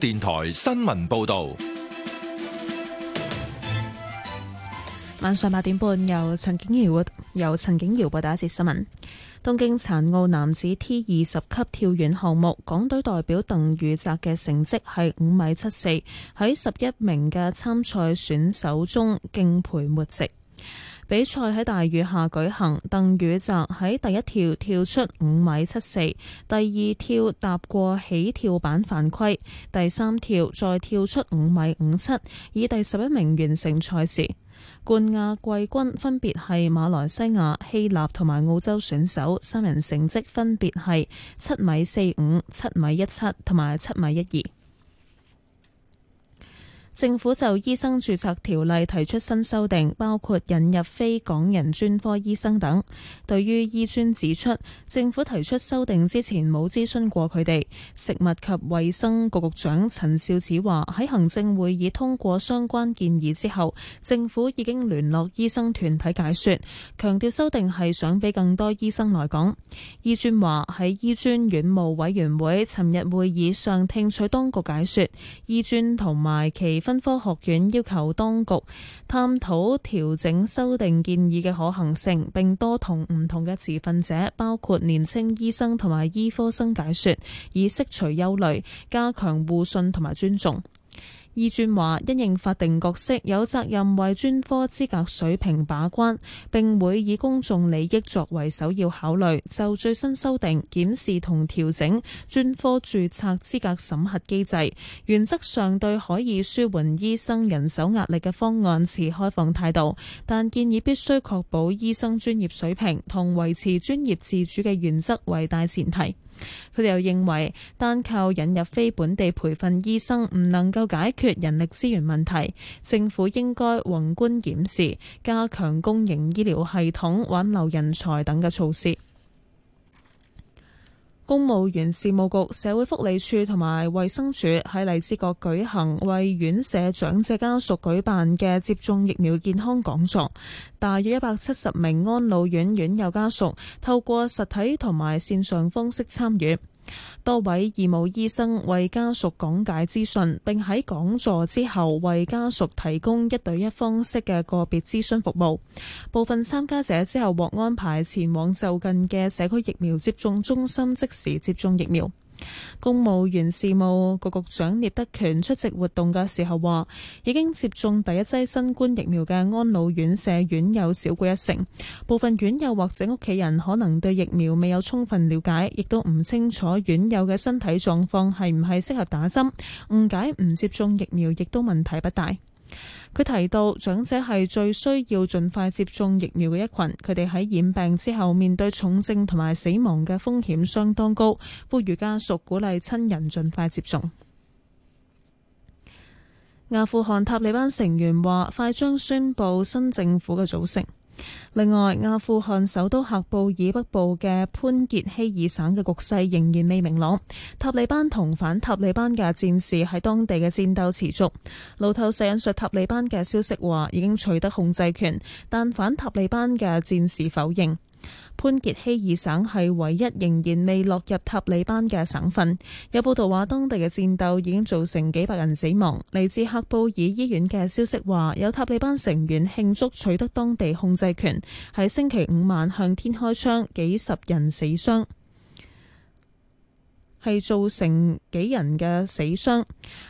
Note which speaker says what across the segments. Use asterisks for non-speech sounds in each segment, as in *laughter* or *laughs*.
Speaker 1: 電台新聞報道。
Speaker 2: 晚上八點半，由陳景堯由陳景堯報打一節新聞。東京殘奧男子 T 二十級跳遠項目，港隊代表鄧宇澤嘅成績係五米七四，喺十一名嘅參賽選手中敬陪末席。比賽喺大雨下舉行，鄧宇澤喺第一跳跳出五米七四，第二跳踏過起跳板犯規，第三跳再跳出五米五七，以第十一名完成賽事。冠亞季軍分別係馬來西亞、希臘同埋澳洲選手，三人成績分別係七米四五、七米一七同埋七米一二。政府就醫生註冊條例提出新修訂，包括引入非港人專科醫生等。對於醫專指出，政府提出修訂之前冇諮詢過佢哋。食物及衛生局局長陳肇始話：喺行政會議通過相關建議之後，政府已經聯絡醫生團體解說，強調修訂係想俾更多醫生來講。醫專話，喺醫專院務委員會尋日會議上聽取當局解說，醫專同埋其分科學院要求當局探討調整修訂建議嘅可行性，並多同唔同嘅持份者，包括年輕醫生同埋醫科生解說，以釋除憂慮，加強互信同埋尊重。二俊華因應法定角色，有責任為專科資格水平把關，並會以公眾利益作為首要考慮。就最新修訂、檢視同調整專科注冊資格審核機制，原則上對可以舒緩醫生人手壓力嘅方案持開放態度，但建議必須確保醫生專業水平同維持專業自主嘅原則為大前提。佢哋又認為，單靠引入非本地培訓醫生唔能夠解決人力資源問題，政府應該宏觀檢視、加強公營醫療系統、挽留人才等嘅措施。公務員事務局、社會福利署同埋衛生署喺荔枝角舉行為院舍長者家屬舉辦嘅接種疫苗健康講座，大約一百七十名安老院院友家屬透過實體同埋線上方式參與。多位義務醫生為家屬講解資訊，並喺講座之後為家屬提供一對一方式嘅個別諮詢服務。部分參加者之後獲安排前往就近嘅社區疫苗接種中心即時接種疫苗。公務員事務局局長聶德權出席活動嘅時候話，已經接種第一劑新冠疫苗嘅安老院舍院友少過一成，部分院友或者屋企人可能對疫苗未有充分了解，亦都唔清楚院友嘅身體狀況係唔係適合打針，誤解唔接種疫苗亦都問題不大。佢提到，長者係最需要盡快接種疫苗嘅一群。佢哋喺染病之後面對重症同埋死亡嘅風險相當高，呼籲家屬鼓勵親人盡快接種。阿富汗塔利班成員話，快將宣布新政府嘅組成。另外，阿富汗首都喀布爾北部嘅潘傑希爾省嘅局勢仍然未明朗，塔利班同反塔利班嘅戰士喺當地嘅戰鬥持續。路透社引述塔利班嘅消息話，已經取得控制權，但反塔利班嘅戰士否認。潘傑希爾省係唯一仍然未落入塔利班嘅省份。有報道話，當地嘅戰鬥已經造成幾百人死亡。嚟自喀布爾醫院嘅消息話，有塔利班成員慶祝取得當地控制權，喺星期五晚向天開槍，幾十人死傷。係造成幾人嘅死傷。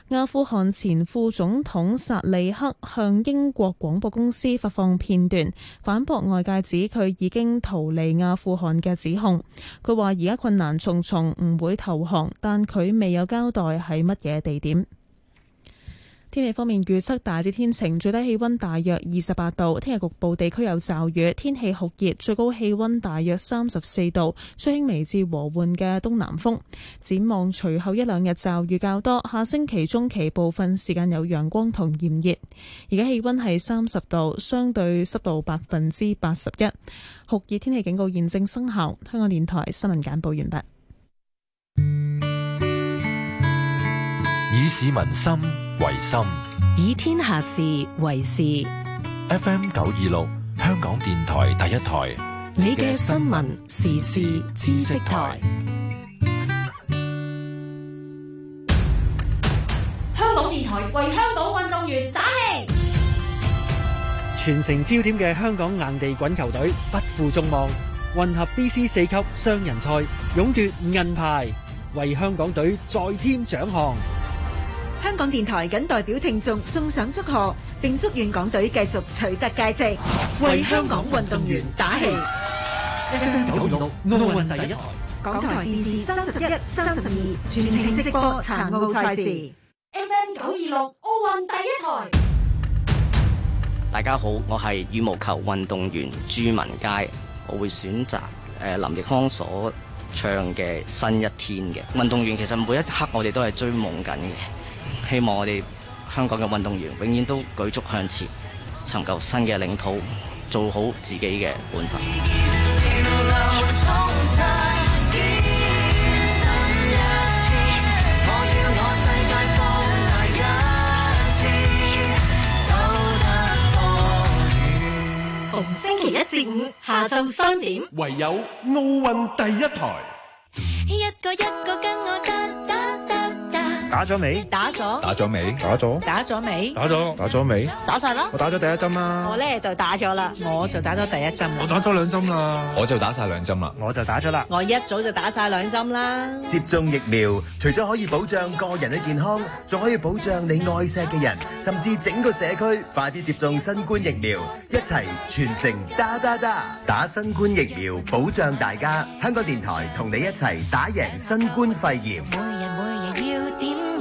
Speaker 2: 阿富汗前副總統薩利克向英國廣播公司發放片段，反駁外界指佢已經逃離阿富汗嘅指控。佢話：而家困難重重，唔會投降，但佢未有交代喺乜嘢地點。天氣方面，預測大致天晴，最低氣溫大約二十八度。聽日局部地區有驟雨，天氣酷熱，最高氣溫大約三十四度，吹輕微至和緩嘅東南風。展望隨後一兩日驟雨較多，下星期中期部分時間有陽光同炎熱。而家氣溫係三十度，相對濕度百分之八十一，酷熱天氣警告現正生效。香港電台新聞簡報完畢。
Speaker 1: 以市民心，為心，
Speaker 2: 以天下事為事。
Speaker 1: FM 九二六，香港電台第一台，
Speaker 2: 你嘅新聞時事知識台。
Speaker 3: 香港電台為香港運動員打氣。
Speaker 4: 全城焦點嘅香港硬地滾球隊不負眾望，混合 BC 四級雙人賽勇奪銀牌，為香港隊再添獎項。
Speaker 3: 香港電台謹代表聽眾送上祝賀，並祝願港隊繼續取得佳績，為香港運動員，運動員打氣氣。FM 九二六奧運第一台，港台電視三十一、三十二全程直播殘奧賽事。FM 九二六奧運第一台。大家好，我係羽毛球運動員朱文佳，我會選擇誒、呃、林奕康所唱嘅《新一天》嘅。運動員其實每一刻我哋都係追夢緊嘅。希望我哋香港嘅運動員永遠都舉足向前，尋求新嘅領土，做好自己嘅本分。逢星期一至五下晝三點，
Speaker 4: 唯有奧運第一台。
Speaker 3: 一個一個跟我得。打咗
Speaker 4: 未？打咗。打咗未？
Speaker 3: 打
Speaker 4: 咗。打咗未？打咗。打咗未？打晒啦！我打咗第一針啦。我呢就
Speaker 3: 打咗啦，我就打咗第一針
Speaker 1: 啦。我打咗兩針啦，我就打晒兩針啦，我就打咗啦。
Speaker 3: 我一早就打晒兩針啦。
Speaker 1: 接種疫苗，除咗可以保障個人嘅健康，仲可以保障你愛錫嘅人，甚至整個社區，快啲接種新冠疫苗，一齊全城打打打，打新冠疫苗保障大家。香港電台同你一齊打贏新冠肺炎。
Speaker 3: 每日每日要點。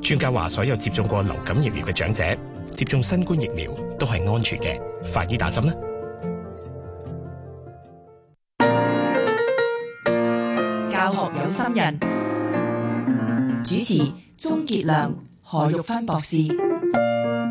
Speaker 1: 專家話，所有接種過流感疫苗嘅長者接種新冠疫苗都係安全嘅。快啲打針啦！
Speaker 4: 教學有心人，主持鍾潔亮、何玉芬博士，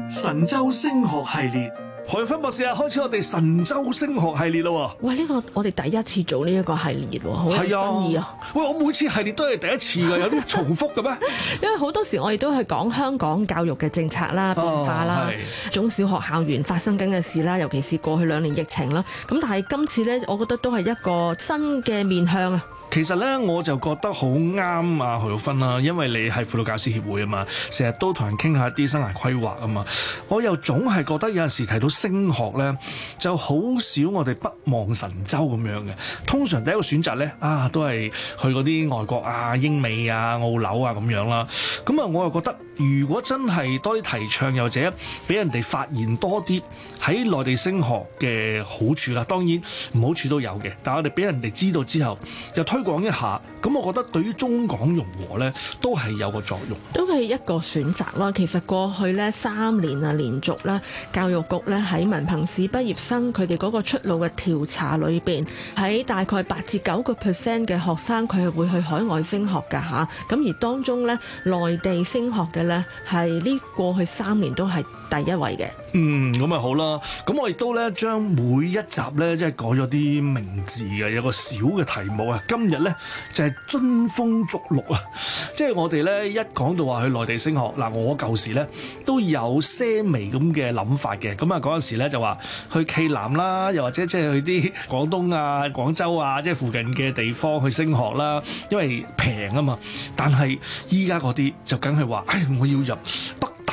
Speaker 4: 神州升學系列。何分博士啊，開始我哋神州升學系列咯喎！
Speaker 3: 喂，呢、呢個我哋第一次做呢一個系列喎，好新意啊！
Speaker 4: 喂，我每次系列都係第一次㗎，有啲重複嘅咩？
Speaker 3: *laughs* 因為好多時我哋都係講香港教育嘅政策啦、變化啦、中、哦、小學校園發生緊嘅事啦，尤其是過去兩年疫情啦。咁但係今次咧，我覺得都係一個新嘅面向啊！
Speaker 4: 其實咧，我就覺得好啱啊，何玉芬啦，因為你係輔導教師協會啊嘛，成日都同人傾下啲生涯規劃啊嘛。我又總係覺得有陣時提到升學咧，就好少我哋北望神州咁樣嘅。通常第一個選擇咧，啊，都係去嗰啲外國啊、英美啊、澳紐啊咁樣啦。咁啊，我又覺得如果真係多啲提倡，又或者俾人哋發現多啲喺內地升學嘅好處啦，啊，當然唔好處都有嘅。但係我哋俾人哋知道之後，又推。推廣一下，咁我覺得對於中港融合呢，都係有個作用，
Speaker 3: 都係一個選擇啦。其實過去呢三年啊，連續呢，教育局呢喺文憑試畢業生佢哋嗰個出路嘅調查裏邊，喺大概八至九個 percent 嘅學生，佢係會去海外升學㗎吓。咁而當中呢，內地升學嘅呢，係呢過去三年都係第一位嘅。嗯，
Speaker 4: 咁啊好啦，咁我亦都呢將每一集呢，即係改咗啲名字嘅，有個小嘅題目啊，日咧就係臻峯逐鹿啊！ *laughs* 即係我哋咧一講到話去內地升學，嗱，我舊時咧都有些微咁嘅諗法嘅。咁啊嗰陣時咧就話去暨南啦，又或者即係去啲廣東啊、廣州啊，即係附近嘅地方去升學啦，因為平啊嘛。但係依家嗰啲就梗係話，唉、哎，我要入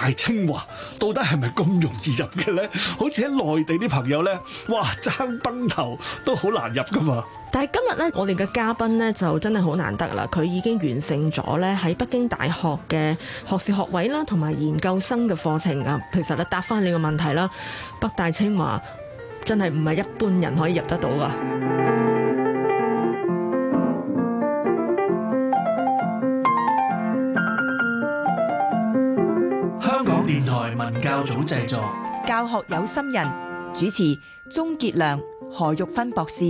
Speaker 4: 大清華，到底係咪咁容易入嘅呢？好似喺內地啲朋友呢，哇爭崩頭都好難入噶嘛。
Speaker 3: 但係今日呢，我哋嘅嘉賓呢，就真係好難得啦，佢已經完成咗呢喺北京大學嘅學士學位啦，同埋研究生嘅課程啊。其實呢答翻你個問題啦，北大清華真係唔係一般人可以入得到噶。
Speaker 4: 文教組製作，
Speaker 3: 教學有心人主持，鍾杰良、何玉芬博
Speaker 4: 士。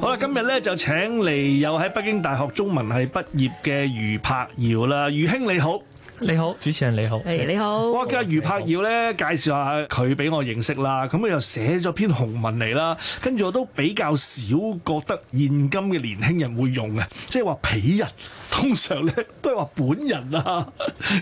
Speaker 4: 好啦，今日咧就請嚟有喺北京大學中文系畢業嘅余栢耀啦，余兄你好。
Speaker 1: 你好，主持人你好，
Speaker 4: 係、hey, 你好。哇，叫 *noise* 余柏耀咧，介紹下佢俾我認識啦，咁佢又寫咗篇雄文嚟啦，跟住我都比較少覺得現今嘅年輕人會用嘅，即係話鄙人，通常咧都係話本人啊，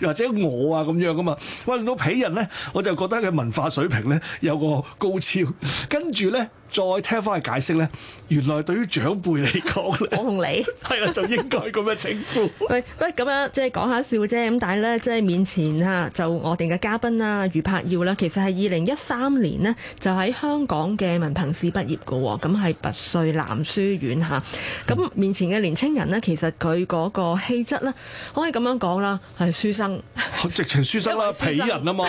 Speaker 4: 或者我啊咁樣噶嘛。喂，用到鄙人咧，我就覺得佢文化水平咧有個高超，跟住咧。再聽翻佢解釋呢，原來對於長輩嚟講 *laughs* 我同和你係啊， *laughs* *laughs* 就應該咁樣稱呼。
Speaker 3: 喂，不咁樣即係講下笑啫。咁但係呢，即係面前嚇就我哋嘅嘉賓啊，余栢耀啦、就是 mm.，其實係二零一三年呢，就喺香港嘅文憑試畢業噶，咁係拔萃南書院嚇。咁面前嘅年青人呢，其實佢嗰個氣質呢，可以咁樣講啦，係書生，
Speaker 4: *laughs* 直情書生啦、啊，鄙人啊嘛。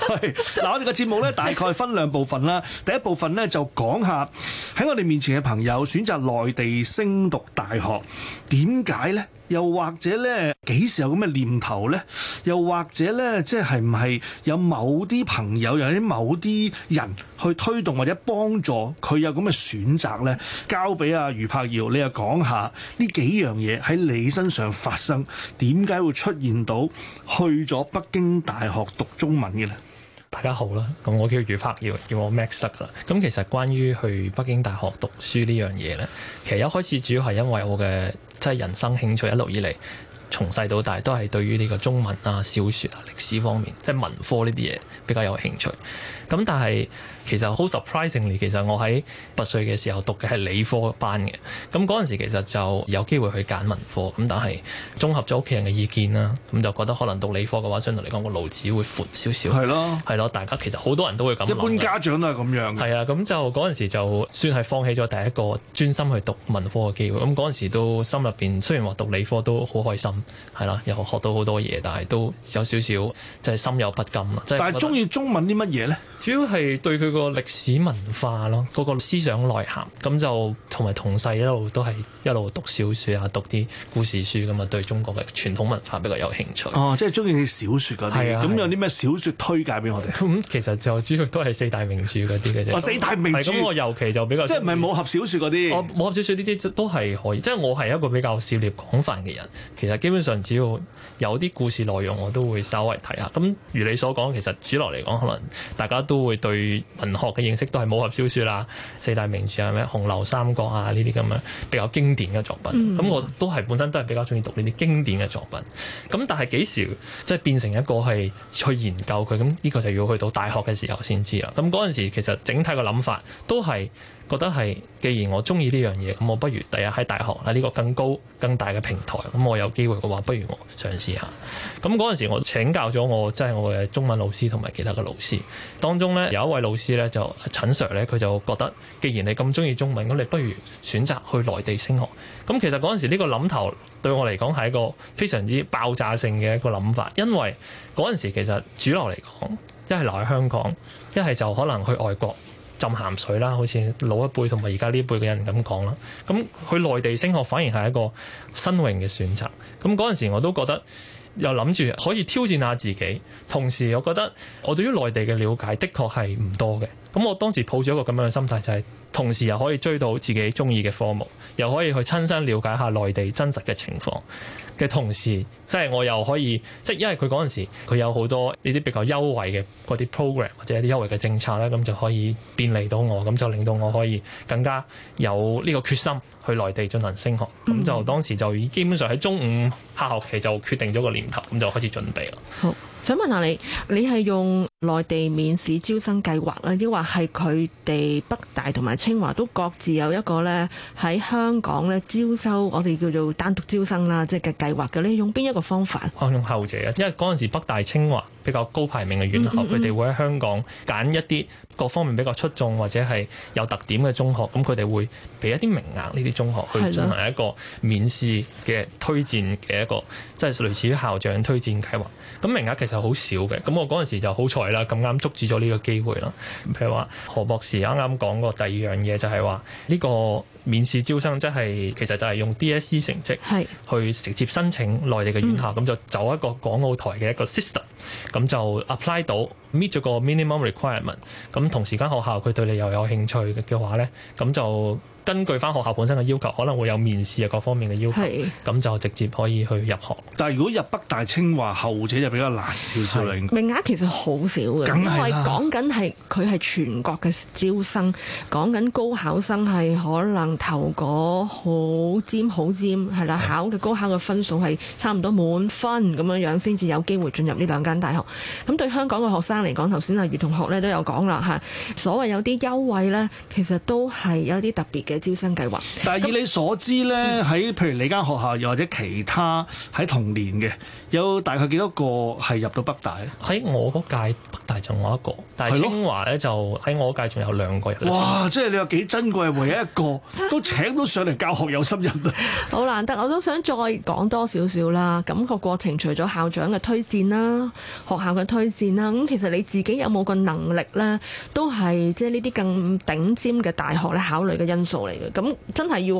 Speaker 4: 係 *laughs* 嗱，我哋嘅節目呢，大概分兩部分啦、啊。第一部分呢，就講。喺我哋面前嘅朋友選擇內地升讀大學，點解呢？又或者呢？幾時有咁嘅念頭呢？又或者呢？即係唔係有某啲朋友，或者某啲人去推動或者幫助佢有咁嘅選擇呢？交俾阿余栢耀，你又講下呢幾樣嘢喺你身上發生，點解會出現到去咗北京大學讀中文嘅呢？大家
Speaker 1: 好啦，咁我叫余栢耀，叫我 Max 啦。咁其實關於去北京大學讀書呢樣嘢咧，其實一開始主要係因為我嘅即係人生興趣一路以嚟，從細到大都係對於呢個中文啊、小說啊、歷史方面，即係文科呢啲嘢比較有興趣。咁但係其實好 surprisingly，其實我喺八歲嘅時候讀嘅係理科班嘅。咁嗰陣時其實就有機會去揀文科，咁但係綜合咗屋企人嘅意見啦，咁就覺得可能讀理科嘅話，相對嚟講個路子會闊少少。係咯，係咯，大家其實好多人都會咁。一般家長都係咁樣。係啊，咁就嗰陣時就算係放棄咗第一個專心去讀文科嘅機會。咁嗰陣時都心入邊雖然話讀理科都好開心，係啦，又學到好多嘢，但係都有少少即係心有不甘啦。但係中意中文啲乜嘢咧？主要係對佢個歷史文化咯，嗰、那個思想內涵咁就同埋同細一路都係一路讀小説啊，讀啲故事書咁啊，對中國嘅傳統文化比較有興趣。哦，
Speaker 4: 即係鍾意啲小説嗰啲。係啊，咁、啊、有啲咩小説推介俾我哋？咁、嗯、其實就主要都係四大名著嗰啲嘅啫。四大名著。係。咁我尤
Speaker 1: 其就比較即係唔係武俠小説嗰啲。武俠小説呢啲都係可以。即、就、係、是、我係一個比較涉獵廣泛嘅人，其實基本上只要。有啲故事內容我都會稍微睇下。咁如你所講，其實主流嚟講，可能大家都會對文學嘅認識都係武俠小説啦、四大名著啊、咩《紅樓三國》啊呢啲咁樣比較經典嘅作品。咁、嗯、我都係本身都係比較中意讀呢啲經典嘅作品。咁但係幾時即係變成一個係去研究佢？咁呢個就要去到大學嘅時候先知啦。咁嗰陣時其實整體嘅諗法都係。覺得係，既然我中意呢樣嘢，咁我不如第日喺大學喺呢個更高更大嘅平台，咁我有機會嘅話，不如我嘗試下。咁嗰陣時，我請教咗我即係、就是、我嘅中文老師同埋其他嘅老師，當中呢，有一位老師呢，就陳 Sir 呢，佢就覺得，既然你咁中意中文，咁你不如選擇去內地升學。咁其實嗰陣時呢個諗頭對我嚟講係一個非常之爆炸性嘅一個諗法，因為嗰陣時其實主流嚟講，一係留喺香港，一係就可能去外國。浸鹹水啦，好似老一輩同埋而家呢一輩嘅人咁講啦。咁去內地升學反而係一個新穎嘅選擇。咁嗰陣時我都覺得又諗住可以挑戰下自己，同時我覺得我對於內地嘅了解的確係唔多嘅。咁我當時抱住一個咁樣嘅心態，就係同時又可以追到自己中意嘅科目，又可以去親身了解下內地真實嘅情況。嘅同時，即係我又可以，即係因為佢嗰陣時佢有好多呢啲比較優惠嘅嗰啲 program 或者一啲優惠嘅政策咧，咁就可以便利到我，咁就令到我可以更加有呢個決心去內地進行升學。咁就當時就基本上喺中五下學期就決定咗個年頭，咁就開始準備啦。好。
Speaker 3: 想問下你，你係用內地免試招生計劃咧，抑或係佢哋北大同埋清華都各自有一個呢？喺香港呢招收我哋叫做單獨招生啦，即係嘅計劃嘅你用邊一個方法？我、啊、用
Speaker 1: 後者啊，因為嗰陣時北大、清華，比較高排名嘅院校，佢哋、嗯嗯嗯、會喺香港揀一啲各方面比較出眾或者係有特點嘅中學，咁佢哋會俾一啲名額呢啲中學去進行一個免試嘅推薦嘅一個，即係的類似於校長推薦計劃。咁名額其實好少嘅，咁我嗰陣時就好彩啦，咁啱捉住咗呢個機會啦。譬如話何博士啱啱講過第二樣嘢，就係話呢個。面試招生，即係其實就係用 DSE 成績去直接申請內地嘅院校，咁，是就走一個港澳台嘅一個 system，咁就 apply 到。meet 咗個 minimum requirement，咁同時間學校佢對你又有興趣嘅話咧，咁就根據翻學校本身嘅要求，可能會有面試啊各方面嘅要求，咁是就直接可以去入學，但係如
Speaker 4: 果入北大清、清華後者就比較難少少是，名
Speaker 3: 額其實好少嘅，因為講緊係佢係全國嘅招生，講緊高考生係可能頭嗰好尖好尖，係啦，是考嘅高考嘅分數係差唔多滿分咁樣樣先至有機會進入呢兩間大學，咁對香港嘅學生嚟講，頭先阿余同學咧都有講啦嚇，所謂有啲優惠咧，其實都係有啲特別嘅招生計劃。
Speaker 4: 但係以你所知咧，喺、嗯、譬如你間學校又或者其他喺同年嘅。有大概幾多個係入到北大咧？喺我嗰屆北大就我一個，但係清華咧就喺的我嗰屆仲有兩個人。哇！即係你有幾珍貴，唯一一個都請到上嚟教學，有心人
Speaker 3: 好 *laughs* 難得，我都想再講多少少啦。咁、那個過程除咗校長嘅推薦啦、學校嘅推薦啦，咁其實你自己有冇個能力咧，都係即係呢啲更頂尖嘅大學咧考慮嘅因素嚟嘅。咁真係要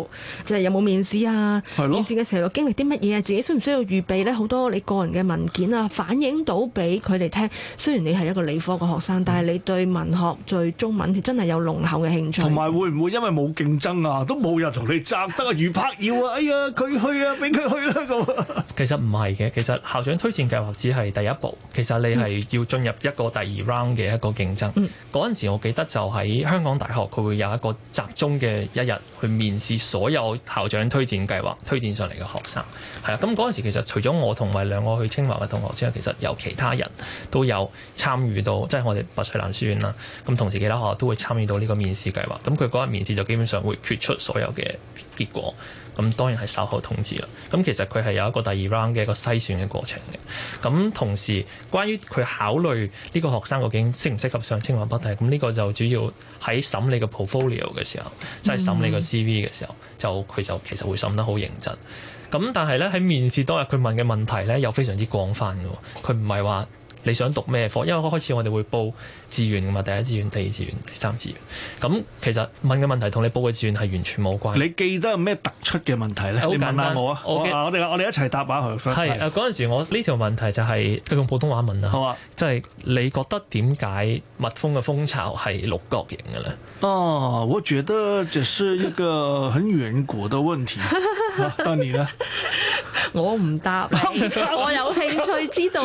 Speaker 3: 即係、就是、有冇面試啊？的面試嘅時候要經歷啲乜嘢啊？自己需唔需要預備咧？好多你。個人嘅文件啊，反映到俾佢哋聽。雖然你係一個理科嘅學生，但係你對文學、對中文真係有濃厚嘅興趣。同
Speaker 4: 埋會唔會因為冇競爭啊，都冇人同你擸得啊？余栢耀啊，哎呀，佢去啊，俾佢去啦、啊、咁。 *laughs* 其實唔係
Speaker 1: 嘅，其實校長推薦計劃只係第一步。其實你係要進入一個第二 round 嘅一個競爭。嗰陣、嗯、時我記得就喺香港大學，佢會有一個集中嘅一日去面試所有校長推薦計劃推薦上嚟嘅學生。係啊，咁嗰陣時其實除咗我同埋兩個去清華嘅同學之後，其實由其他人都有參與到，即、就、係、是、我哋拔萃男書院啦。咁同時，其他學校都會參與到呢個面試計劃。咁佢嗰日面試就基本上會決出所有嘅結果。咁當然係稍後通知啦。咁其實佢係有一個第二 round 嘅一個篩選嘅過程嘅。咁同時，關於佢考慮呢個學生究竟適唔適合上清華北大，咁呢個就主要喺審理個 portfolio 嘅時候，即係審理個 CV 嘅時候，就佢、是、就，就其實會審得好認真。咁但係咧，喺面試當日，佢問嘅問題咧，又非常之廣泛嘅喎，佢唔係話。你想讀咩科？因為嗰開始我哋會報志願噶嘛，第一志願、第二志願、第三志願。咁其實問嘅問題同你報嘅志願係完全冇關。你記得有咩突出嘅問題咧？好簡單冇啊。我
Speaker 4: 我哋我哋一齊答下，佢。係啊，
Speaker 1: 嗰陣時我呢條問題就係佢用普通話問啊。好啊，即係你覺得點解蜜蜂嘅蜂巢係六角形嘅咧？
Speaker 4: 哦，我覺得這是一個很遠古嘅問題。到你呢，我唔答，我有興趣知道，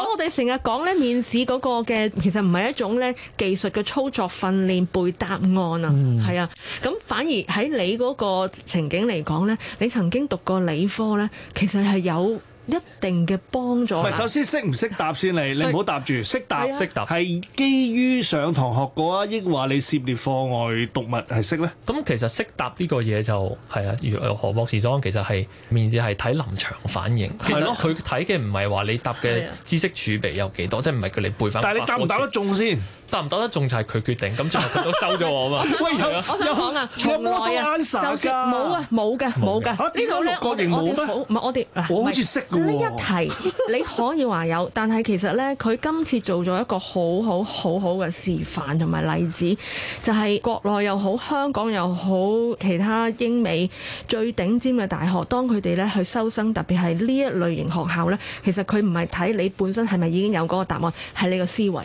Speaker 4: 咁、哦、
Speaker 3: 我哋成日講咧，面試嗰個嘅，其實唔係一種咧技術嘅操作訓練背答案、嗯、啊，係啊，咁反而喺你嗰個情景嚟講咧，你曾經讀過理科咧，其實係有一定嘅幫助。唔係，首
Speaker 4: 先識唔識答先，以你你唔好答住，識答識答係基於上堂學過啊！抑話你涉獵課外讀物係識咧？咁、嗯、其實識
Speaker 1: 答呢個嘢就係、是、啊，如何博士講，其實係面試係睇臨場反應。係咯、啊，佢睇嘅唔係話你答嘅知識儲備有幾多，啊、即係唔係叫你背翻？但係你答唔答得中先？得唔得得仲係佢決定，咁最後佢都收咗我嘛。喂，我想講啊，
Speaker 3: 錯唔錯啊？冇啊，冇嘅，冇嘅。呢個六我哋冇。唔係我哋，我唔知識呢一題你可以話有，但係其實咧，佢今次做咗一個好好好好嘅示範同埋例子，就係國內又好，香港又好，其他英美最頂尖嘅大學，當佢哋咧去收生，特別係呢一類型學校咧，其實佢唔係睇你本身係咪已經有嗰個答案，係你嘅思維。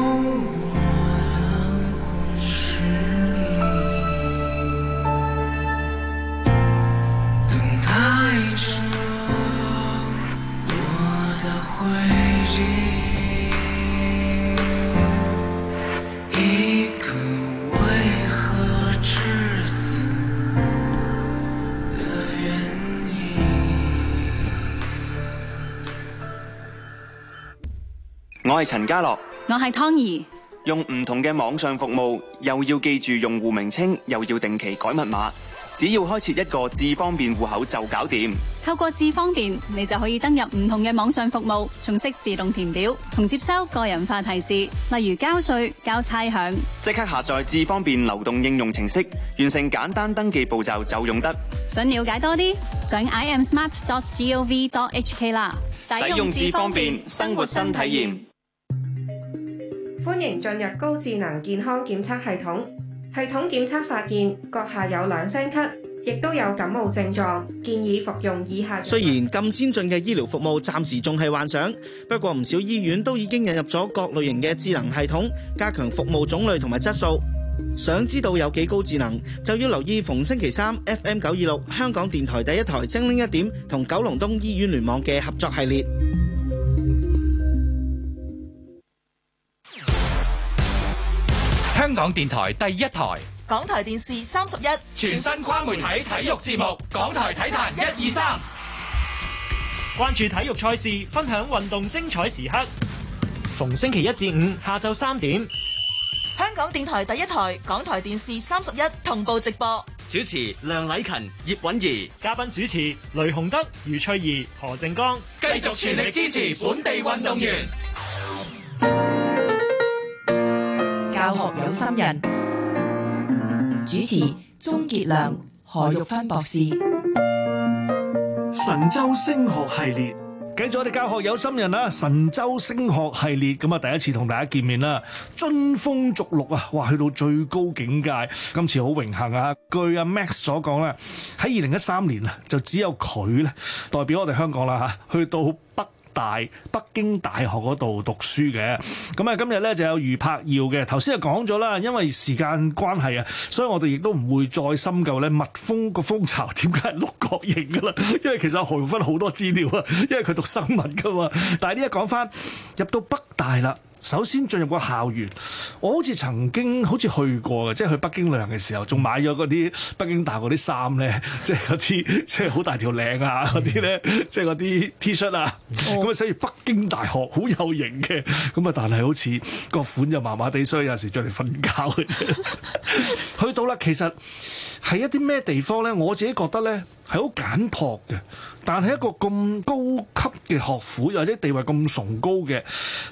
Speaker 3: 我係陳家樂，我係湯儀。
Speaker 1: 用唔同嘅網上服務，又要記住用戶名稱，又要定期改密碼。只要開設一個智方便戶口就搞掂。
Speaker 3: 透過智方便，你就可以登入唔同嘅網上服務，仲識自動填表同接收個人化提示，例如交稅、交差餉。
Speaker 1: 即刻下載智方便流動應用程式，完成簡單登記步驟就用得。
Speaker 3: 想了解多啲，上 i m smart dot g o v dot h k 啦。使用智方便，生活新體驗。歡迎進入高智能健康檢測系統，系統檢測發現閣下有兩聲咳，亦都有感冒症狀，建議服用以下用。雖
Speaker 4: 然咁先進嘅醫療服務暫時仲係幻想，不過唔少醫院都已經引入咗各類型嘅智能系統，加強服務種類同埋質素。想知道有幾高智能，就要留意逢星期三 FM 九二六香港電台第一台精靈一點同九龍東醫院聯網嘅合作系列。香港電台第一台，
Speaker 2: 港台電視三十一，全新跨媒體體育節目，港台體壇一二三，
Speaker 1: 關注體育賽事，分享運動精彩時刻。逢星期一至五下晝三點，
Speaker 2: 香港電台第一台，港台電視三十一同步直播。
Speaker 1: 主持梁麗琴、葉韻儀，嘉賓主持雷洪德、余翠怡、何正剛，繼續全力支持本地運動員。
Speaker 4: 教學有心人，主持鍾杰良、何玉芬博士。神州升學系列，繼續我哋教學有心人啦！神州升學系列咁啊，第一次同大家見面啦，臻峰逐鹿啊！哇，去到最高境界，今次好榮幸啊！據阿、啊、Max 所講咧，喺二零一三年啊，就只有佢咧代表我哋香港啦吓，去到北。大北京大學嗰度讀書嘅，咁啊今日咧就有余栢耀嘅，頭先就講咗啦，因為時間關係啊，所以我哋亦都唔會再深究咧，蜜蜂個蜂巢點解係六角形噶啦，因為其實何耀芬好多資料啊，因為佢讀生物噶嘛，但係呢一講翻入到北大啦。首先進入個校園，我好似曾經好似去過嘅，即係去北京旅行嘅時候，仲買咗嗰啲北京大學啲衫咧， *laughs* 即係嗰啲即係好大條領啊嗰啲咧，即係嗰啲 T-shirt 啊，咁 *laughs* 啊所以 *laughs* 北京大學，好有型嘅，咁啊但係好似個款就麻麻地，所以有時著嚟瞓覺嘅啫。 *laughs* *laughs* 去到啦，其實係一啲咩地方咧？我自己覺得咧。係好簡樸嘅，但係一個咁高級嘅學府，又或者地位咁崇高嘅，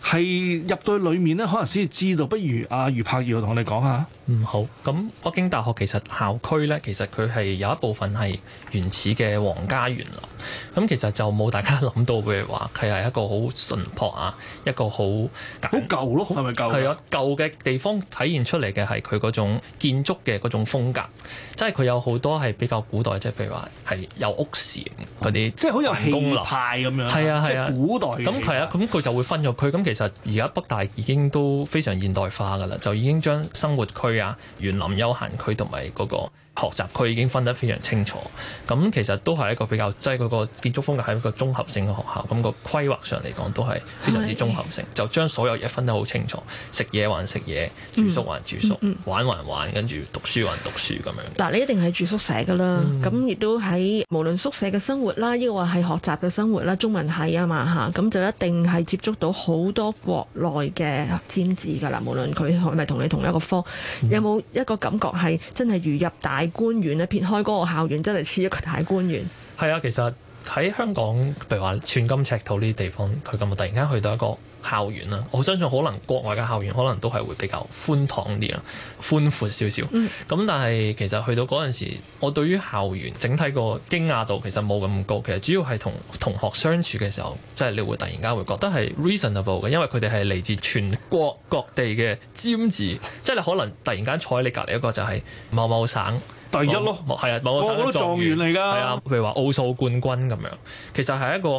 Speaker 4: 係入到去裡面咧，可能先至知道。不如阿、啊、余栢耀同我哋講下。嗯，好。咁北京大學其實校區咧，
Speaker 1: 其實佢係有一部分係原始嘅皇家園林。咁其實就冇大家諗到嘅話，佢係一個好純樸啊，一個好好舊咯，係咪舊？係啊，舊嘅地方體現出嚟嘅係佢嗰種建築嘅嗰種風格，即係佢有好多係比較古代，即係譬如話。係有屋檐嗰啲，即係好有氣派咁樣，係啊係啊，啊古代咁係啊，咁佢就會分咗區。咁其實而家北大已經都非常現代化㗎啦，就已經將生活區啊、園林休閒區同埋嗰個。學習佢已經分得非常清楚，咁其實都係一個比較即係嗰個建築風格係一個綜合性嘅學校，咁個規劃上嚟講都係非常之綜合性，的就將所有嘢分得好清楚，食嘢還食嘢，住宿還住宿，嗯、玩還玩，玩，跟住讀書還讀書咁樣。
Speaker 3: 嗱，你一定係住宿舍㗎啦，咁亦、嗯、都喺無論宿舍嘅生活啦，亦或係學習嘅生活啦，中文系啊嘛嚇，咁就一定係接觸到好多國內嘅尖子㗎啦，無論佢係咪同你同一個科，嗯、有冇一個感覺係真係如入大？官員咧，撇開嗰個校園，真係似一個大官員。係啊，其實喺香港，
Speaker 1: 譬如話寸金尺土呢啲地方，佢咁啊，突然間去到一個校園啦。我相信可能國外嘅校園可能都係會比較寬敞啲啦，寬闊少少。咁、嗯、但係其實去到嗰陣時，我對於校園整體個驚訝度其實冇咁高。其實主要係同同學相處嘅時候，即、就、係、是、你會突然間會覺得係 reasonable 嘅，因為佢哋係嚟自全國各地嘅尖子。即、就、係、是、你可能突然間坐喺你隔籬一個就係某某省。第一咯，係啊，某個狀元嚟噶，係啊，譬如話奧數冠軍咁樣，其實係一個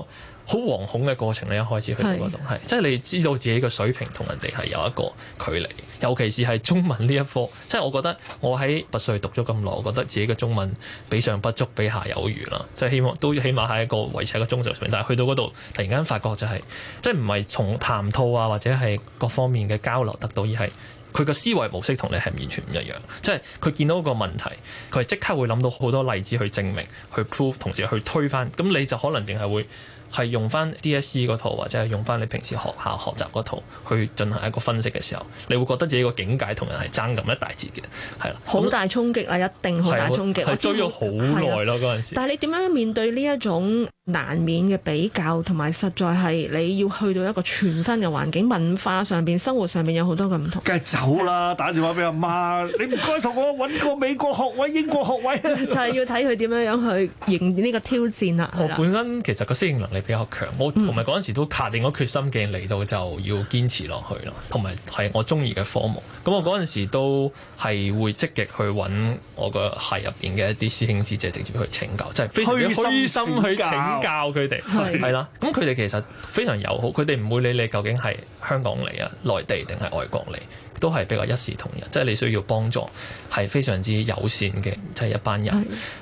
Speaker 1: 好惶恐嘅過程咧。一開始去到嗰度，係是即係你知道自己嘅水平同人哋係有一個距離，尤其是係中文呢一科。即係我覺得我喺拔萃讀咗咁耐，我覺得自己嘅中文比上不足，比下有餘啦。即係希望都起碼喺一個維持一個中上水平，但係去到嗰度突然間發覺就係、是，即係唔係從談吐啊或者係各方面嘅交流得到而係。佢個思維模式同你係完全唔一樣，即係佢見到個問題，佢係即刻會諗到好多例子去證明，去 prove，同時去推翻，咁你就可能淨係會。係用翻 DSE 嗰套，或者係用翻你平時學校學習嗰套去進行一個分析嘅時候，你會覺得自己個境界同人係爭咁一大截嘅，係啦，好大
Speaker 3: 衝擊啊！一定好大衝擊，佢對追咗好耐咯嗰陣時。但係你點樣面對呢一種難免嘅比較，同埋實在係你要去到一個全新嘅環境、文化上面、生活上面有好多嘅唔同。
Speaker 4: 梗係走啦！打電話俾阿媽，媽， *laughs* 你唔該同我揾個美國學位、英國學位。 *laughs* 就係要
Speaker 3: 睇佢點樣樣去迎呢個挑戰啦。 *laughs* 我本身
Speaker 1: 其實個適應能力。比較強，我同埋嗰陣時都下定咗決心嘅嚟到就要堅持落去咯，同埋係我中意嘅科目。咁我嗰陣時都係會積極去揾我個系入邊嘅一啲師兄師姐直接去請教，即係非常虛心去請教佢哋係啦。咁佢哋其實非常友好，佢哋唔會理你究竟係香港嚟啊、內地定係外國嚟。都係比較一視同仁，即係你需要幫助，係非常之友善嘅，即係一班人，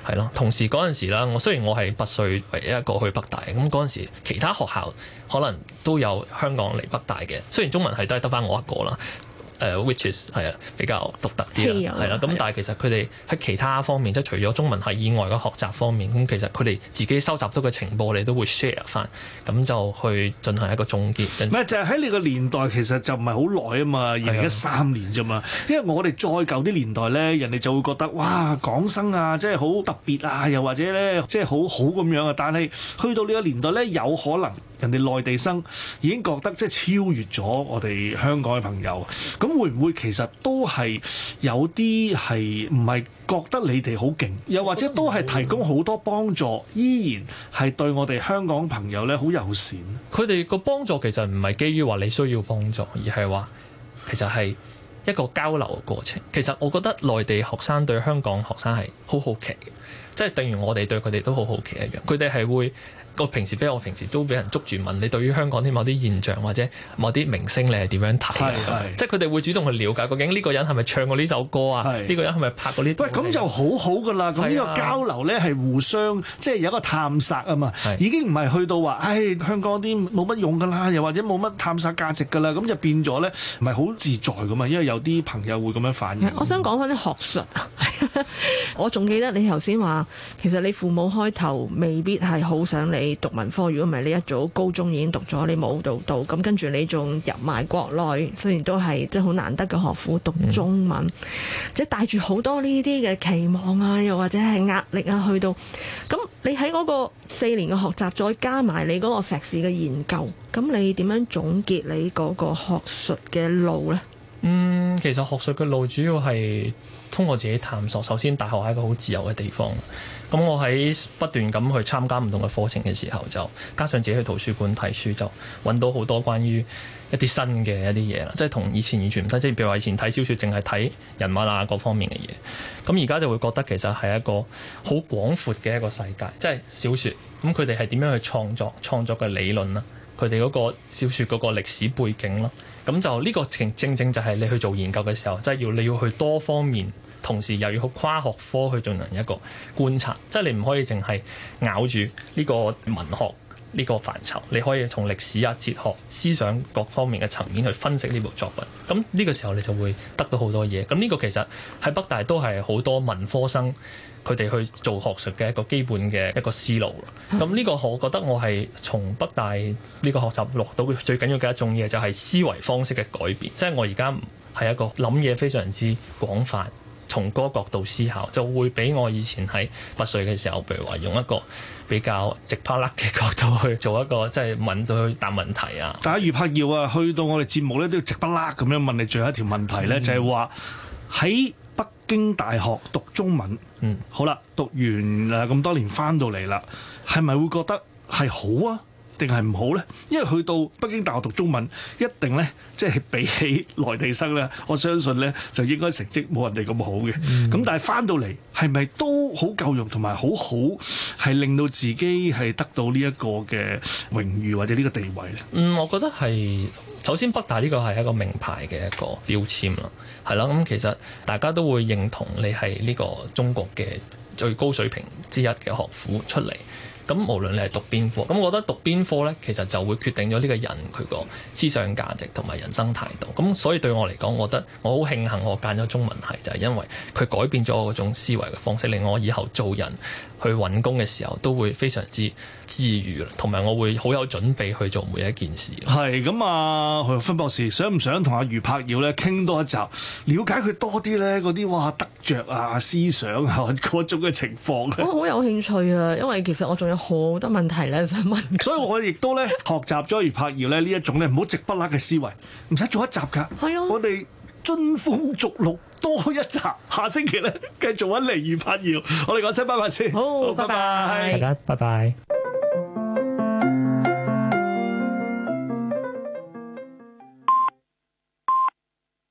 Speaker 1: 係咯。嗯。同時嗰陣時啦，我雖然我係拔萃唯一一個去北大嘅，咁嗰陣時其他學校可能都有香港嚟北大嘅，雖然中文系都係得翻我一個啦。誒 which is 係啊，比較獨特啲啊。係啦。咁 *noise* 的但係其實佢哋喺其他方面，即係 *noise* 除咗中文系以外嘅學習方面，咁其實佢哋自己收集到嘅情報，你都會 share 翻，
Speaker 4: 咁就去進行一個總結。唔係就係喺你個年，年，的年代，其實就唔係好耐啊嘛，而家三年咋嘛？因為我哋再舊啲年代咧，人哋就會覺得哇，港生啊，即係好特別啊，又或者咧，即係好好咁樣啊。但係去到呢個年代咧，有可能。人哋內地生已經覺得即係超越咗我哋香港嘅朋友，咁會唔會其實都係有啲係唔係覺得你哋好勁，又或者都係提供好多幫助，依然係對我哋香港朋友呢好友善？佢哋個幫助其實唔係基於話你需要幫助，而係話其實
Speaker 1: 係一個交流嘅過程。其實我覺得內地學生對香港學生係好好奇，即係等於我哋對佢哋都好好奇一樣。佢哋係會。我平時，比如我平時都俾人捉住問你，對於香港啲某啲現象或者某啲明星，你係點樣睇？即係佢哋會主動去了解，究竟呢個人係咪唱過呢首歌啊？呢個人係咪拍過呢首歌啊？喂，咁
Speaker 4: 就好好噶啦。咁呢個交流呢係互相，即係有一個探索啊嘛。是啊已經唔係去到話，唉，香港啲冇乜用噶啦，又或者冇乜探索價值噶啦。咁就變咗呢，唔係好自在噶嘛。因為有啲朋友會咁樣反應。
Speaker 3: 我想講翻啲學術 *laughs* 我仲記得你頭先話，其實你父母開頭未必係好想你讀文科，如果唔係呢一早高中已經讀咗，你冇讀到，咁跟住你仲入埋國內，雖然都係即係好難得嘅學府，讀中文，嗯、即係帶住好多呢啲嘅期望啊，又或者係壓力啊，去到咁，你喺嗰個四年嘅學習，再加埋你嗰個碩士嘅研究，咁你點樣總結你嗰個學術嘅路呢？嗯，
Speaker 1: 其實學術嘅路主要係通過自己探索。首先，大學係一個好自由嘅地方。咁我喺不斷咁去參加唔同嘅課程嘅時候就，就加上自己去圖書館睇書就，就揾到好多關於一啲新嘅一啲嘢啦。即係同以前完全唔得。即係譬如話以前睇小説，淨係睇人物啊各方面嘅嘢。咁而家就會覺得其實係一個好廣闊嘅一個世界。即係小説，咁佢哋係點樣去創作？創作嘅理論啦，佢哋嗰個小説嗰個歷史背景咯。咁就呢個正正就係你去做研究嘅時候，即係要你要去多方面，同時又要跨學科去進行一個觀察，即係你唔可以淨係咬住呢個文學呢個範疇，你可以從歷史啊、哲學、思想各方面嘅層面去分析呢部作品。咁呢個時候你就會得到好多嘢。咁呢個其實喺北大都係好多文科生。佢哋去做學術嘅一個基本嘅一個思路啦。咁呢、嗯、個我覺得我係從北大呢個學習落到最緊要嘅一種嘢，就係思維方式嘅改變。即、就、係、是、我而家係一個諗嘢非常之廣泛，從多角度思考，就會比我以前喺八歲嘅時候，譬如話用一個比較直啪甩嘅角度去做一個，即係問到去答問題啊。
Speaker 4: 但係余栢耀啊，去到我哋節目咧都要直啪甩咁樣問你最後一條問題咧，的就係話喺。北京大學讀中文，嗯，好啦，讀完誒咁多年翻到嚟啦，係咪會覺得係好啊，定係唔好呢？因為去到北京大學讀中文，一定呢，即係比起內地生呢，我相信呢，就應該成績冇人哋咁好嘅。咁但係翻到嚟，係咪都好夠用同埋好好，係令到自己係得到呢一個嘅榮譽或者呢個地位咧？嗯，我覺得係首先北大呢個係一個名牌嘅一個
Speaker 1: 標籤啦。係啦，咁其實大家都會認同你係呢個中國嘅最高水平之一嘅學府出嚟。咁無論你係讀邊科，咁我覺得讀邊科呢，其實就會決定咗呢個人佢個思想價值同埋人生態度。咁所以對我嚟講，我覺得我好慶幸我揀咗中文系，就係因為佢改變咗我嗰種思維嘅方式，令我以後做人去揾工嘅時候都會非常之之餘啦，同埋我會好有準備去做每一件事。
Speaker 4: 係咁啊，芬博士想唔想同阿余柏耀咧傾多一集，了解佢多啲咧嗰啲哇，得着啊思想啊嗰種嘅情況咧？我好
Speaker 3: 有興趣啊，因為其實我仲有好多問題咧想問。所以我亦
Speaker 4: 都咧學習咗余柏耀咧呢一種咧唔好直不甩嘅思維，唔使做一集㗎。係啊，我哋臻峯逐鹿多一集，下星期咧繼續揾嚟余柏耀。我哋講聲拜拜先。好，好拜拜，bye bye bye. 大家拜拜。 *music*